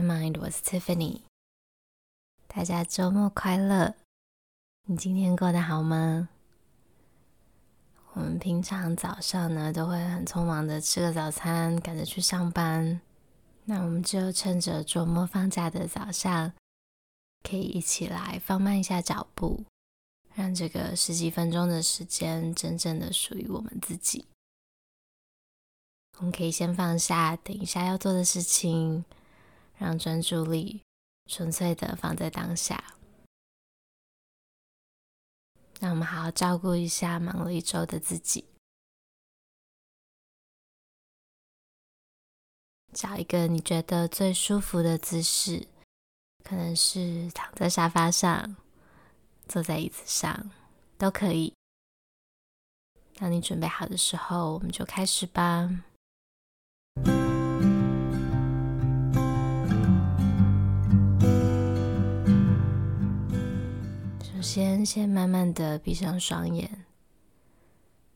Mind 的 Tiffany。大家週末快樂！你今天過得好嗎？我們平常早上呢，都會很匆忙的吃個早餐，趕着去上班。那我們就趁着週末放假的早上，可以一起來放慢一下腳步，讓這個十幾分鐘的時間真正的屬於我們自己。我們可以先放下等一下要做的事情。讓專注力純粹的放在當下，讓我們好好照顧一下忙了一週的自己。找一個你覺得最舒服的姿勢，可能是躺在沙發上，坐在椅子上，都可以。當你準備好的時候，我們就開始吧。首先先慢慢的閉上雙眼，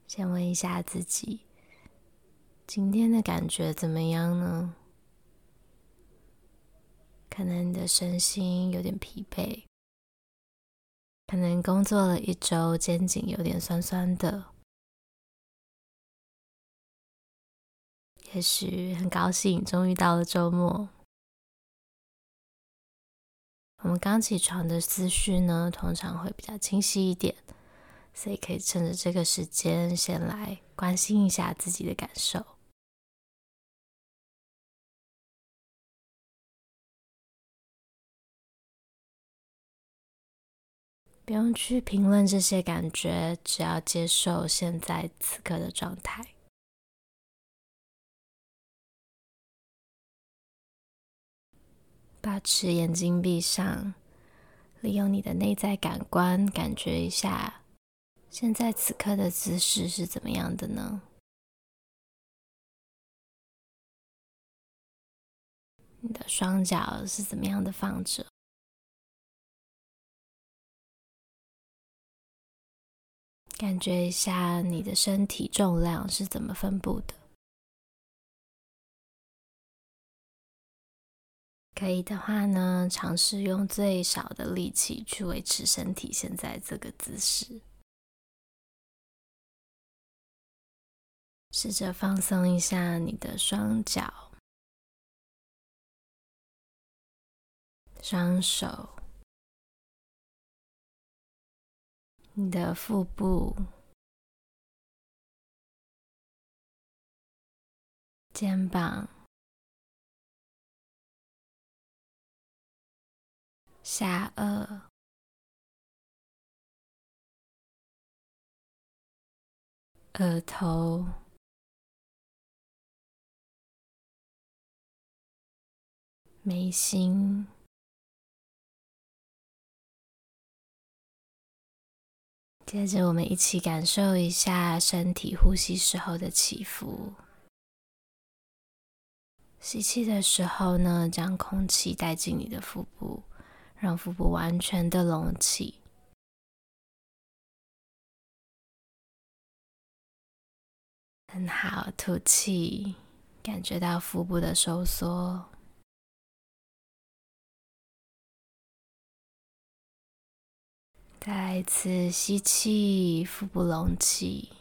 先問一下自己，今天的感覺怎麼樣呢？可能你的身心有點疲憊，可能工作了一周，肩頸有點痠痠的，也許很高興，終於到了周末。我們剛起床的思緒呢，通常會比較清晰一點，所以可以趁着這個時間，先來關心一下自己的感受。不用去評論這些感覺，只要接受現在此刻的狀態。保持眼睛閉上，利用你的內在感官，感覺一下現在此刻的姿勢是怎麼樣的呢？你的雙腳是怎麼樣的放着？感覺一下你的身體重量是怎麼分布的？可以的話呢，嘗試用最少的力氣去維持身體現在這個姿勢。試着放鬆一下你的雙腳、雙手、你的腹部、肩膀。下顎、額頭、眉心，接着我們一起感受一下身體呼吸時候的起伏。吸氣的時候呢，將空氣帶進你的腹部。讓腹部完全的隆起，很好。吐氣，感覺到腹部的收縮。再次吸氣，腹部隆起；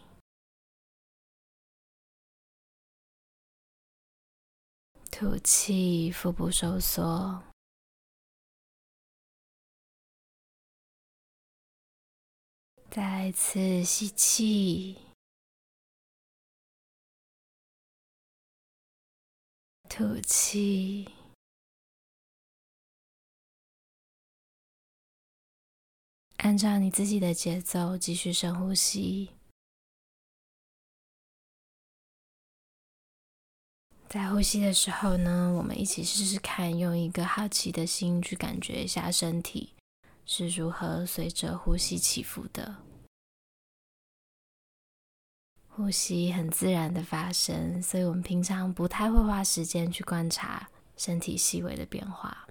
吐氣，腹部收縮。再一次吸氣，吐氣，按照你自己的節奏繼續深呼吸。在呼吸的時候呢，我們一起試試看，用一個好奇的心去感覺一下身體是如何隨着呼吸起伏的。呼吸很自然的發生，所以我們平常不太會花時間去觀察身體細微的變化。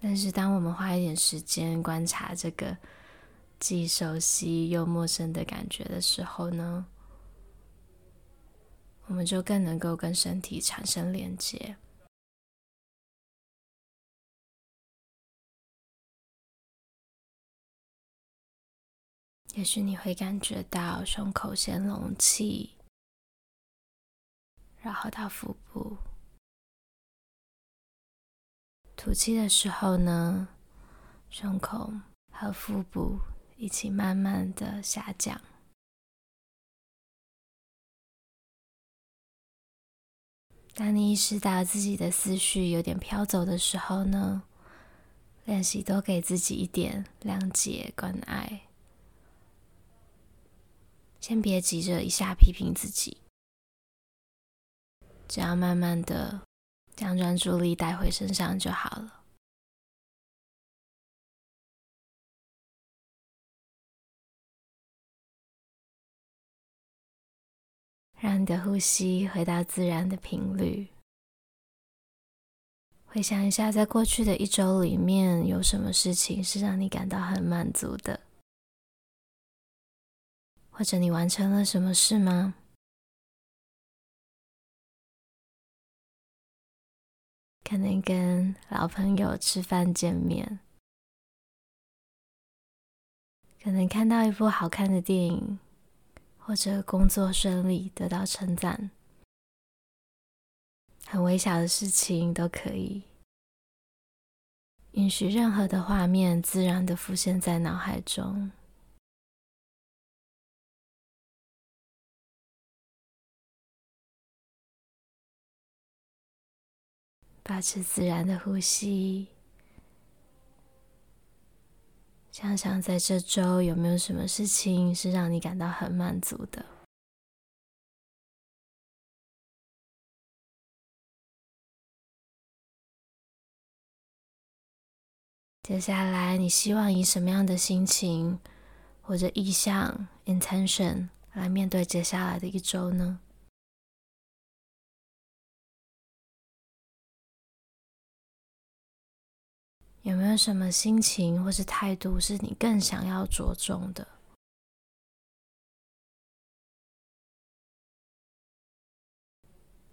但是當我們花一點時間觀察這個既熟悉又陌生的感覺的時候呢，我們就更能夠跟身體產生連接。也許你會感覺到胸口先隆起，然後到腹部。吐氣的時候呢，胸口和腹部一起慢慢的下降。當你意識到自己的思緒有點飄走的時候呢，練習多給自己一點諒解、關愛。先別急着一下批評自己，只要慢慢的將專注力帶回身上就好了。讓你的呼吸回到自然的頻率。回想一下，在過去的一周裡面，有什麼事情是讓你感到很滿足的？或者你完成了什麼事嗎？可能跟老朋友吃飯見面，可能看到一部好看的電影，或者工作順利得到稱讚，很微小的事情都可以。允許任何的畫面自然地浮現在腦海中。保持自然的呼吸。想想在這周有沒有什麼事情是讓你感到很滿足的。接下來，你希望以什麼樣的心情或者意向 （intention） 來面對接下來的一周呢？有沒有什麼心情或是態度是你更想要着重的？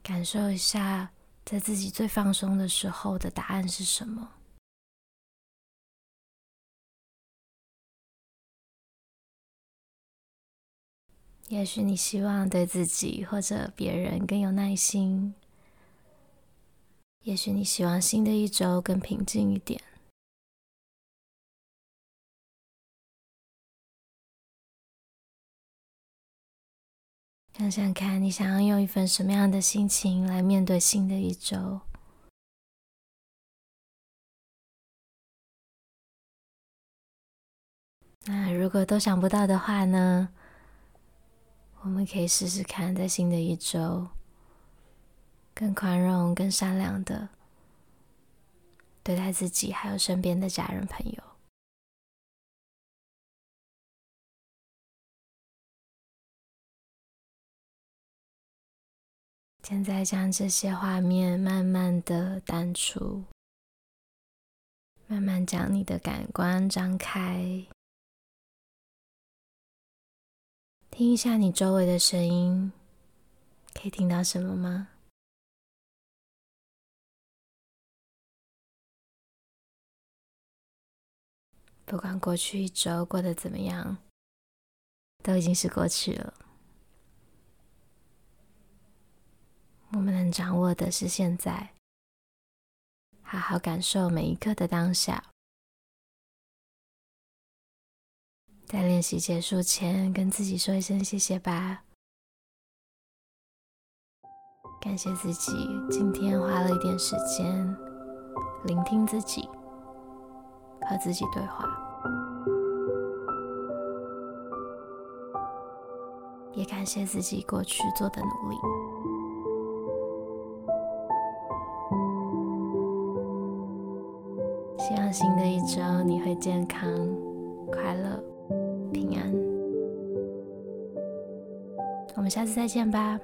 感受一下，在自己最放鬆的時候的答案是什麼？也許你希望對自己或者別人更有耐心。也許你希望新的一週更平靜一點。想想看，你想要用一份什麼樣的心情來面對新的一周？那如果都想不到的話呢？我們可以試試看，在新的一周，更寬容、更善良的對待自己，還有身邊的家人朋友。現在將這些畫面慢慢的淡出，慢慢將你的感官張開，聽一下你周圍的聲音，可以聽到什麼嗎？不管過去一周過得怎麼樣，都已經是過去了。我們能掌握的是現在，好好感受每一刻的當下。在練習結束前，跟自己說一聲謝謝吧，感謝自己今天花了一點時間聆聽自己，和自己對話，也感謝自己過去做的努力。新的一週，你會健康、快樂、平安。我們下次再見吧。